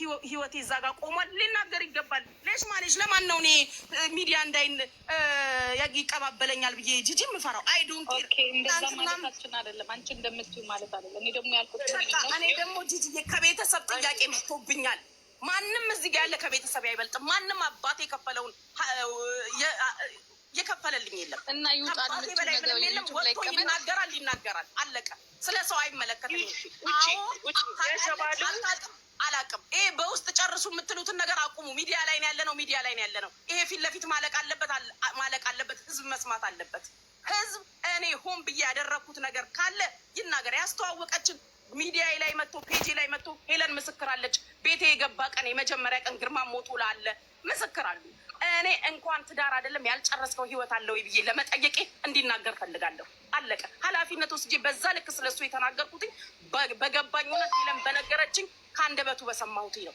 ህይወቴ እዛ ጋር ቆሟል። ሊናገር ይገባል። ሌሽ ማለሽ ለማን ነው እኔ ሚዲያ እንዳይን ይቀባበለኛል ብዬ ጂጂ የምፈራው አይዶንት አይደለም። አንቺ እንደምትዩ ማለት አይደለም። እኔ ደግሞ ያልኩት እኔ ደግሞ ጂጂዬ ከቤተሰብ ጥያቄ መጥቶብኛል። ማንም እዚህ ጋ ያለ ከቤተሰብ አይበልጥም። ማንም አባት የከፈለውን የከፈለልኝ የለም እና ይውጣል በላይ ምንም የለም። ወጥቶ ይናገራል ይናገራል፣ አለቀ። ስለ ሰው አይመለከትም። አዎ አታውቅም አላቅም። ይሄ በውስጥ ጨርሱ የምትሉትን ነገር አቁሙ። ሚዲያ ላይ ነው ያለ ነው፣ ሚዲያ ላይ ነው ያለ ነው። ይሄ ፊት ለፊት ማለቅ አለበት፣ ማለቅ አለበት። ህዝብ መስማት አለበት። ህዝብ እኔ ሆን ብዬ ያደረግኩት ነገር ካለ ይናገር። ያስተዋወቀችን ሚዲያ ላይ መጥቶ ፔጅ ላይ መጥቶ ሄለን ምስክር አለች። ቤቴ የገባ ቀን የመጀመሪያ ቀን ግርማ ሞቱ ላለ ምስክር አሉ። እኔ እንኳን ትዳር አይደለም ያልጨረስከው ህይወት አለው ብዬ ለመጠየቄ እንዲናገር ፈልጋለሁ። አለቀ። ኃላፊነት ወስጄ በዛ ልክ ስለሱ የተናገርኩትኝ በገባኝ እውነት ለም በነገረችኝ ከአንደበቱ በሰማሁት ነው።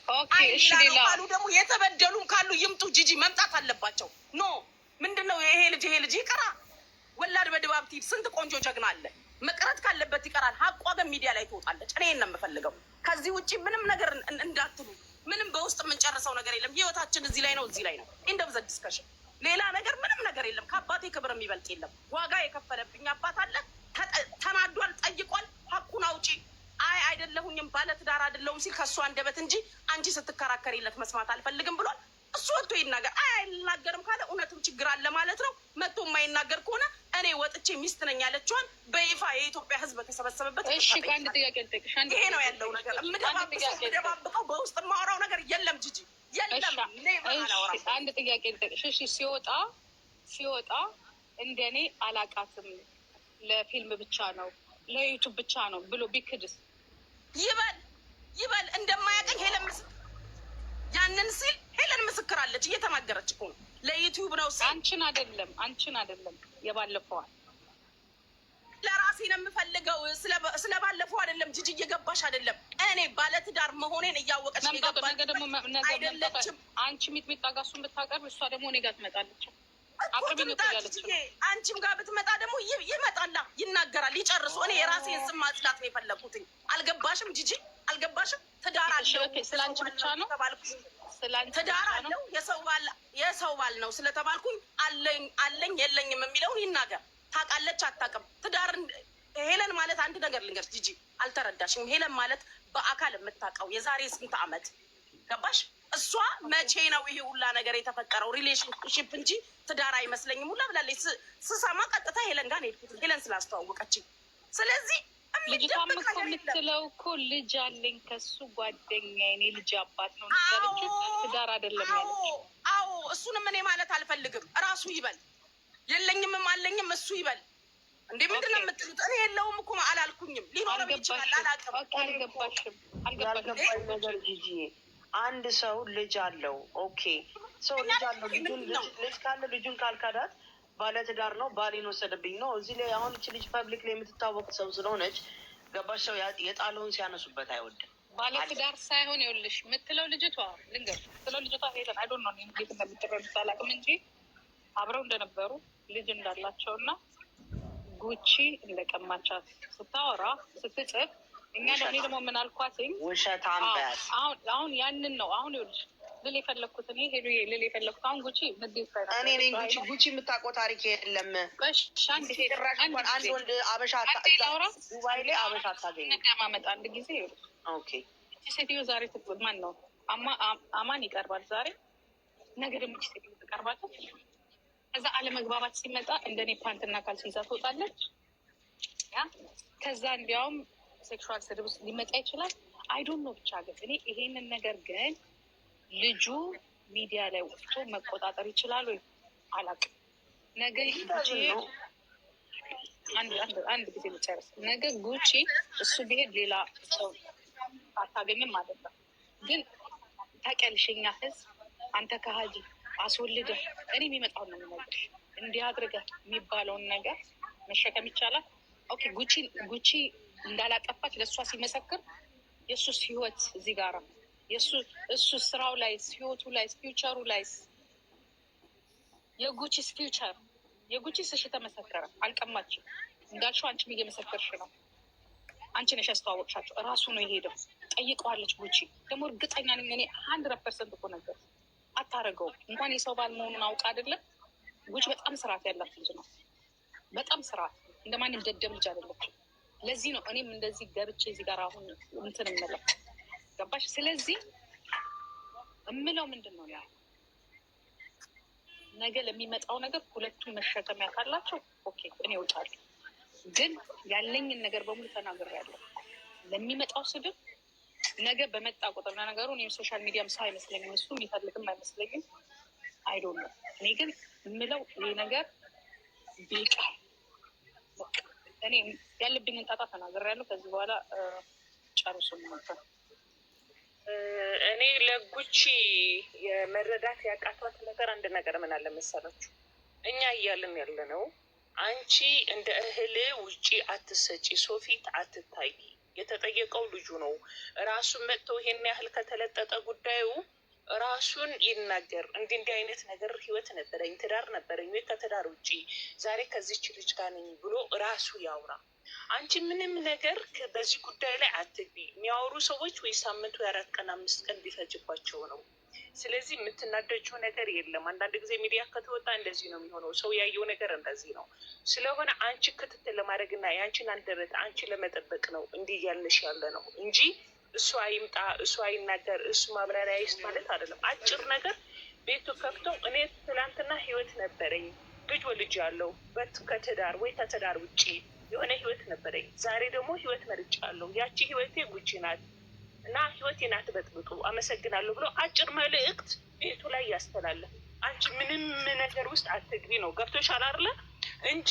ካሉ ደግሞ የተበደሉም ካሉ ይምጡ። ጂጂ መምጣት አለባቸው። ኖ ምንድን ነው ይሄ ልጅ ይሄ ልጅ ይቀራ ወላድ በድባብቲ ስንት ቆንጆ ጀግና አለ። መቅረት ካለበት ይቀራል። ሀቋ ግን ሚዲያ ላይ ትወጣለች። እኔ ነው የምፈልገው። ከዚህ ውጭ ምንም ነገር እንዳትሉ። ምንም በውስጥ የምንጨርሰው ነገር የለም። ህይወታችን እዚህ ላይ ነው፣ እዚህ ላይ ነው። እንደብዘ ዲስከሽን ሌላ ነገር ምንም ነገር የለም። ከአባቴ ክብር የሚበልጥ የለም። ዋጋ የከፈለብኝ አባት አለ። ተናዷል፣ ጠይቋል። ሀኩን አውጪ አይ አይደለሁኝም ባለትዳር አይደለሁም ሲል ከእሱ አንደበት እንጂ አንቺ ስትከራከሪለት መስማት አልፈልግም ብሏል። እሱ ወጥቶ ይናገር። አይ አይናገርም ካለ እውነትም ችግር አለ ማለት ነው። መጥቶ የማይናገር ከሆነ እኔ ወጥቼ ሚስት ነኝ ያለችዋን በይፋ የኢትዮጵያ ሕዝብ በተሰበሰበበት ይሄ ነው ያለው ነገር። የምደባብቀው በውስጥ ማረ አንድ ጥያቄ ልጠቅሽ። ሲወጣ ሲወጣ እንደኔ አላቃትም ለፊልም ብቻ ነው ለዩቱብ ብቻ ነው ብሎ ቢክድስ ይበል ይበል እንደማያቀኝ ሄለን ያንን ሲል ሄለን ምስክር አለች። እየተናገረች እኮ ነው። ለዩቲዩብ ነው። አንቺን አይደለም አንቺን አይደለም የባለፈዋል ለራሴ ነው የምፈልገው። ስለባለፈው አይደለም ጅጅ እየገባሽ አይደለም። እኔ ባለትዳር መሆኔን እያወቀች አይደለችም። አንቺ ሚጥሚጣ ጋር እሱን ብታቀርብ እሷ ደግሞ እኔ ጋር ትመጣለች። አንቺም ጋር ብትመጣ ደግሞ ይመጣላ፣ ይናገራል፣ ይጨርሱ። እኔ የራሴን ስም ማጽዳት ነው የፈለኩትኝ። አልገባሽም ጅጂ፣ አልገባሽም። ትዳር አለው ስለአንቺ ብቻ ነው ትዳር አለው የሰው ባል ነው ስለተባልኩኝ አለኝ አለኝ የለኝም የሚለውን ይናገር። ታውቃለች አታውቅም? ትዳር ሄለን ማለት አንድ ነገር ልንገርሽ ጂጂ፣ አልተረዳሽም። ሄለን ማለት በአካል የምታውቀው የዛሬ ስንት ዓመት ገባሽ? እሷ መቼ ነው ይሄ ሁላ ነገር የተፈጠረው? ሪሌሽንሽፕ እንጂ ትዳር አይመስለኝም ሁላ ብላለች። ስሰማ ቀጥታ ሄለን ጋር ሄድኩት ሄለን ስላስተዋወቀችኝ። ስለዚህ የምትለው እኮ ልጅ አለኝ ከሱ ጓደኛ የኔ ልጅ አባት ነው ትዳር አይደለም ያለችው። አዎ እሱንም እኔ ማለት አልፈልግም እራሱ ይበል ይበል እንዴ! ምንድን ነው የምትሉት? እኔ የለውም እኮ አላልኩኝም። ሊኖረም ይችላል አላውቅም። አንድ ሰው ልጅ አለው። ኦኬ፣ ሰው ልጅ አለው። ልጅ ካለ ልጁን ካልካዳት ባለትዳር ነው። ባሌን ወሰደብኝ ነው። እዚህ ላይ አሁን እች ልጅ ፐብሊክ ላይ የምትታወቅ ሰው ስለሆነች ገባሽ? ሰው የጣለውን ሲያነሱበት አይወድም። ባለትዳር ሳይሆን ይኸውልሽ የምትለው ልጅቷ ልንገር፣ ምትለው ልጅቷ ሄደን አይዶን ነው ጌት እንደምትረ ሳላቅም እንጂ አብረው እንደነበሩ ልጅ እንዳላቸው እና ጉቺ እንደቀማቻት ስታወራ ስትጽፍ እኛ ደግሞ ደግሞ ምን አልኳትኝ፣ አሁን ያንን ነው አሁን ይኸውልሽ ልል የፈለግኩት እኔ ሄዱ ልል የፈለግኩት አሁን ጉቺ ምድ እኔ ጉቺ ጉቺ የምታውቀው ታሪክ የለም። ጭራሽ አንድ ወንድ አበሻ ዱባይ ላይ አበሻ ታገኝ ማመጣ አንድ ጊዜ ሴትዮ ዛሬ ማን ነው አማን ይቀርባል ዛሬ ነገር የምች ሴትዮ ትቀርባለች ከዛ አለመግባባት ሲመጣ እንደኔ ፓንትና ካልሲ ይዛ ትወጣለች። ያ ከዛ እንዲያውም ሴክሹዋል ስድብ ውስጥ ሊመጣ ይችላል። አይዶን ነው ብቻ ግን እኔ ይሄንን ነገር ግን ልጁ ሚዲያ ላይ ወጥቶ መቆጣጠር ይችላል ወይ አላውቅም። ነገ አንድ ጊዜ ልጨርስ። ነገ ጉቺ እሱ ብሄድ ሌላ ሰው አታገኝም ማለት ነው። ግን ተቀልሽኛ ህዝብ አንተ ከሀጂ አስወልደህ እኔ የሚመጣው ነው የምነግርሽ፣ እንዲህ አድርገህ የሚባለውን ነገር መሸከም ይቻላል። ኦኬ ጉቺ ጉቺ እንዳላጠፋች ለእሷ ሲመሰክር የእሱስ ህይወት እዚህ ጋር የእሱ እሱ ስራው ላይስ ህይወቱ ላይስ ፊውቸሩ ላይስ የጉቺስ ፊውቸር የጉቺ ስሽ ተመሰከረ፣ አልቀማችም እንዳልሽው አንቺም እየመሰከርሽ ነው። አንቺ ነሽ ያስተዋወቅሻቸው። እራሱ ነው የሄደው። ጠይቀዋለች ጉቺ ደግሞ እርግጠኛ ነኝ እኔ ሀንድረድ ፐርሰንት እኮ ነገር አታደርገው። እንኳን የሰው ባል መሆኑን አውቅ አይደለም ጉች በጣም ስርዓት ያላት ልጅ ነው። በጣም ስርዓት እንደ ማንም ደደብ ልጅ አይደለችም። ለዚህ ነው እኔም እንደዚህ ገብቼ እዚህ ጋር አሁን እንትን የምለው ገባሽ። ስለዚህ እምለው ምንድን ነው ያ ነገ ለሚመጣው ነገር ሁለቱም መሸከሚያ ካላቸው ኦኬ፣ እኔ እወጣለሁ። ግን ያለኝን ነገር በሙሉ ተናግሬያለሁ። ለሚመጣው ስድብ ነገ በመጣ ቁጥር እና ነገሩ እኔም ሶሻል ሚዲያም ሰው አይመስለኝም፣ እሱ የሚፈልግም አይመስለኝም። አይዶን ነው። እኔ ግን የምለው ይህ ነገር ቢቀር እኔ ያለብኝን ጣጣ ተናግሬያለሁ። ከዚህ በኋላ ጨርሱ ነው እኔ ለጉቺ የመረዳት ያቃቷት ነገር አንድ ነገር ምን አለ መሰላችሁ፣ እኛ እያልን ያለ ነው አንቺ እንደ እህል ውጪ አትሰጪ፣ ሰው ፊት አትታይ የተጠየቀው ልጁ ነው። ራሱን መጥቶ ይሄን ያህል ከተለጠጠ ጉዳዩ ራሱን ይናገር። እንዲህ እንዲህ አይነት ነገር ህይወት ነበረኝ፣ ትዳር ነበረኝ ወይ ከትዳር ውጪ ዛሬ ከዚች ልጅ ጋር ነኝ ብሎ ራሱ ያውራ። አንቺ ምንም ነገር በዚህ ጉዳይ ላይ አትግቢ። የሚያወሩ ሰዎች ወይ ሳምንቱ የአራት ቀን አምስት ቀን ሊፈጅባቸው ነው ስለዚህ የምትናደጅው ነገር የለም። አንዳንድ ጊዜ ሚዲያ ከተወጣ እንደዚህ ነው የሚሆነው። ሰው ያየው ነገር እንደዚህ ነው ስለሆነ አንቺ ክትትል ለማድረግ እና የአንቺን አንደበት አንቺ ለመጠበቅ ነው እንዲህ እያልንሽ ያለ ነው እንጂ እሱ አይምጣ፣ እሱ አይናገር፣ እሱ ማብራሪያ ይስጥ ማለት አይደለም። አጭር ነገር ቤቱ ከፍቶ እኔ ትላንትና ህይወት ነበረኝ ልጅ ወልጅ ያለው ከትዳር ወይ ከትዳር ውጭ የሆነ ህይወት ነበረኝ። ዛሬ ደግሞ ህይወት መርጫ አለው። ያቺ ህይወቴ ጉቺ ናት። እና ህይወቴን አትበጥብጡ አመሰግናለሁ ብሎ አጭር መልእክት ቤቱ ላይ ያስተላለፍ። አንቺ ምንም ነገር ውስጥ አትግቢ ነው ገብቶሻል አይደለ? እንጂ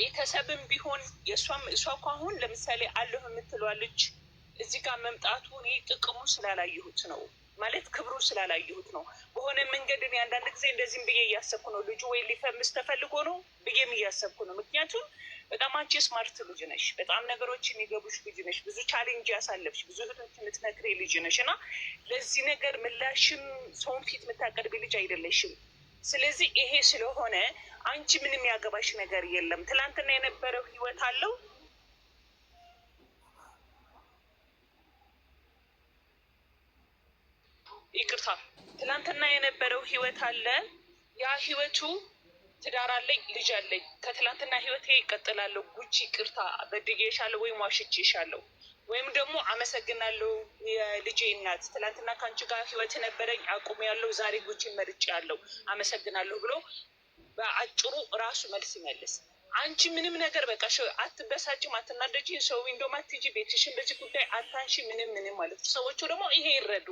ቤተሰብም ቢሆን የእሷም እሷ እኮ አሁን ለምሳሌ አለሁ የምትለዋለች ልጅ እዚህ ጋር መምጣቱ እኔ ጥቅሙ ስላላየሁት ነው ማለት ክብሩ ስላላየሁት ነው። በሆነ መንገድ እኔ አንዳንድ ጊዜ እንደዚህም ብዬ እያሰብኩ ነው። ልጁ ወይ ሊፈምስ ተፈልጎ ነው ብዬም እያሰብኩ ነው። ምክንያቱም በጣም አንቺ ስማርት ልጅ ነሽ። በጣም ነገሮች የሚገቡሽ ልጅ ነሽ። ብዙ ቻሌንጅ ያሳለፍሽ፣ ብዙ እህቶች የምትመክሬ ልጅ ነሽ እና ለዚህ ነገር ምላሽም ሰውን ፊት የምታቀርቢ ልጅ አይደለሽም። ስለዚህ ይሄ ስለሆነ አንቺ ምንም ያገባሽ ነገር የለም። ትላንትና የነበረው ህይወት አለው ይቅርታ፣ ትላንትና የነበረው ህይወት አለ ያ ህይወቱ ትዳር አለኝ፣ ልጅ አለኝ። ከትላንትና ህይወቴ ይቀጥላለሁ። ጉቺ ቅርታ በድዬሻለሁ ወይም ዋሽቼሻለሁ ወይም ደግሞ አመሰግናለሁ የልጄ እናት፣ ትላንትና ከአንቺ ጋር ህይወት ነበረኝ አቁም ያለው ዛሬ ጉቺ መርጬ ያለው አመሰግናለሁ ብሎ በአጭሩ ራሱ መልስ ይመልስ። አንቺ ምንም ነገር በቃ ሸው አትበሳጭም፣ አትናደጂ፣ ሰው እንደውም አትጂ ቤትሽን በዚህ ጉዳይ አታንሺ፣ ምንም ምንም ማለት ነው። ሰዎቹ ደግሞ ይሄ ይረዱ።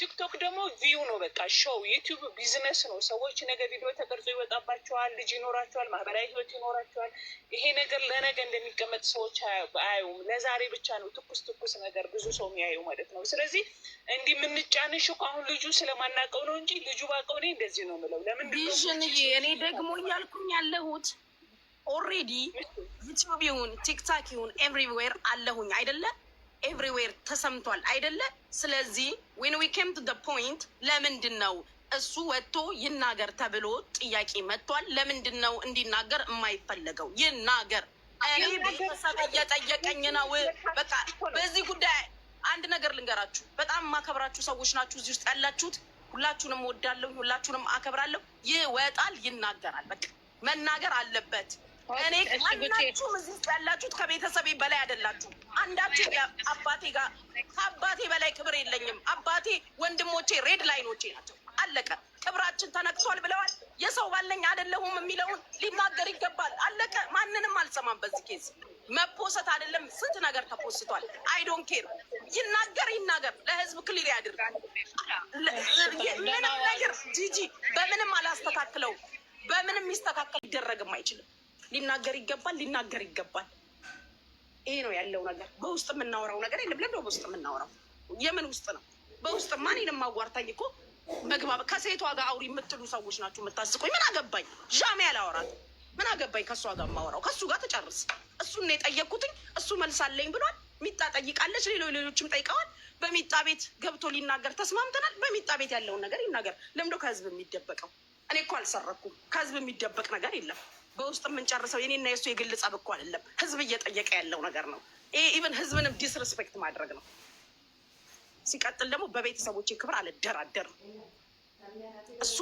ቲክቶክ ደግሞ ቪው ነው በቃ ሸው፣ ዩቲዩብ ቢዝነስ ነው። ሰዎች ነገ ቪዲዮ ተቀርጾ ይወጣባቸዋል፣ ልጅ ይኖራቸዋል፣ ማህበራዊ ህይወት ይኖራቸዋል። ይሄ ነገር ለነገ እንደሚቀመጥ ሰዎች አያዩም። ለዛሬ ብቻ ነው ትኩስ ትኩስ ነገር ብዙ ሰው የሚያዩ ማለት ነው። ስለዚህ እንዲህ የምንጫንሽ አሁን ልጁ ስለማናቀው ነው እንጂ ልጁ ባቀው እኔ እንደዚህ ነው የምለው። ለምንድን ነው እኔ ደግሞ እያልኩኝ ያለሁት ኦሬዲ ዩቲዩብ ይሁን ቲክታክ ይሁን ኤቭሪዌር አለሁኝ አይደለ? ኤቭሪዌር ተሰምቷል አይደለ? ስለዚህ ዌን ዊ ኬም ቱ ፖይንት ለምንድን ነው እሱ ወጥቶ ይናገር ተብሎ ጥያቄ መጥቷል። ለምንድን ነው እንዲናገር የማይፈለገው? ይናገር። ቤተሰብ እየጠየቀኝ ነው። በቃ በዚህ ጉዳይ አንድ ነገር ልንገራችሁ። በጣም የማከብራችሁ ሰዎች ናችሁ እዚህ ውስጥ ያላችሁት። ሁላችሁንም ወዳለሁ፣ ሁላችሁንም አከብራለሁ። ይወጣል፣ ይናገራል። በቃ መናገር አለበት። እኔ ማናችሁም እዚህ ያላችሁት ከቤተሰቤ በላይ አይደላችሁ። አንዳችሁ አባቴ ጋር ከአባቴ በላይ ክብር የለኝም። አባቴ ወንድሞቼ ሬድ ላይኖቼ ናቸው። አለቀ። ክብራችን ተነክቷል ብለዋል። የሰው ባለኝ አይደለሁም የሚለውን ሊናገር ይገባል። አለቀ። ማንንም አልሰማም። በዚህ ኬዝ መፖሰት አይደለም ስንት ነገር ተፖስቷል። አይዶን ኬር ይናገር ይናገር፣ ለህዝብ ክሊር ያድርግ። ምንም ነገር ጂጂ በምንም አላስተካክለው፣ በምንም ይስተካከል ይደረግም አይችልም። ሊናገር ይገባል፣ ሊናገር ይገባል። ይሄ ነው ያለው ነገር። በውስጥ የምናወራው ነገር የለም። ለምደ በውስጥ የምናወራው የምን ውስጥ ነው? በውስጥ ማንን የማዋርታኝ እኮ መግባብ ከሴቷ ጋር አውሪ የምትሉ ሰዎች ናችሁ የምታስቆኝ። ምን አገባኝ? ዣሜ ያላወራት ምን አገባኝ? ከእሷ ጋር የማወራው ከእሱ ጋር ተጨርስ። እሱን የጠየቅኩትኝ። እሱ መልሳለኝ ብሏል። ሚጣ ጠይቃለች፣ ሌሎ ሌሎችም ጠይቀዋል። በሚጣ ቤት ገብቶ ሊናገር ተስማምተናል። በሚጣ ቤት ያለውን ነገር ይናገር። ለምደ ከህዝብ የሚደበቀው እኔ እኮ አልሰረኩም። ከህዝብ የሚደበቅ ነገር የለም። በውስጥ የምንጨርሰው የኔና የሱ የግል ጸብ እኮ አይደለም። ህዝብ እየጠየቀ ያለው ነገር ነው። ይሄ ኢቨን ህዝብንም ዲስሪስፔክት ማድረግ ነው። ሲቀጥል ደግሞ በቤተሰቦቼ ክብር አልደራደርም። እሱ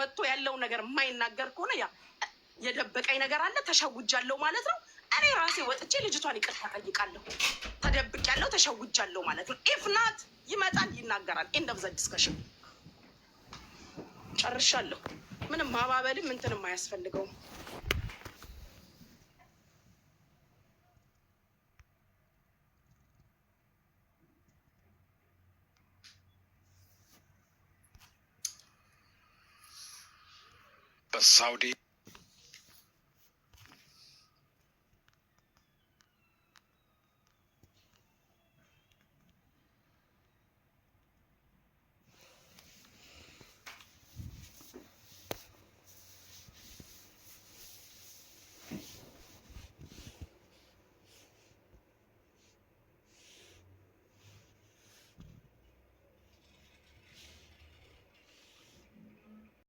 ወጥቶ ያለውን ነገር የማይናገር ከሆነ ያ የደበቀኝ ነገር አለ ተሸውጃለሁ ማለት ነው። እኔ ራሴ ወጥቼ ልጅቷን ይቅርታ ጠይቃለሁ። ያለው ተሸውጃለሁ ማለት ነው። ኢፍ ናት ይመጣል ይናገራል። ኤንድ ኦፍ ዘ ዲስከሽን ጨርሻለሁ። ምንም ማባበልም እንትንም አያስፈልገውም። Saudi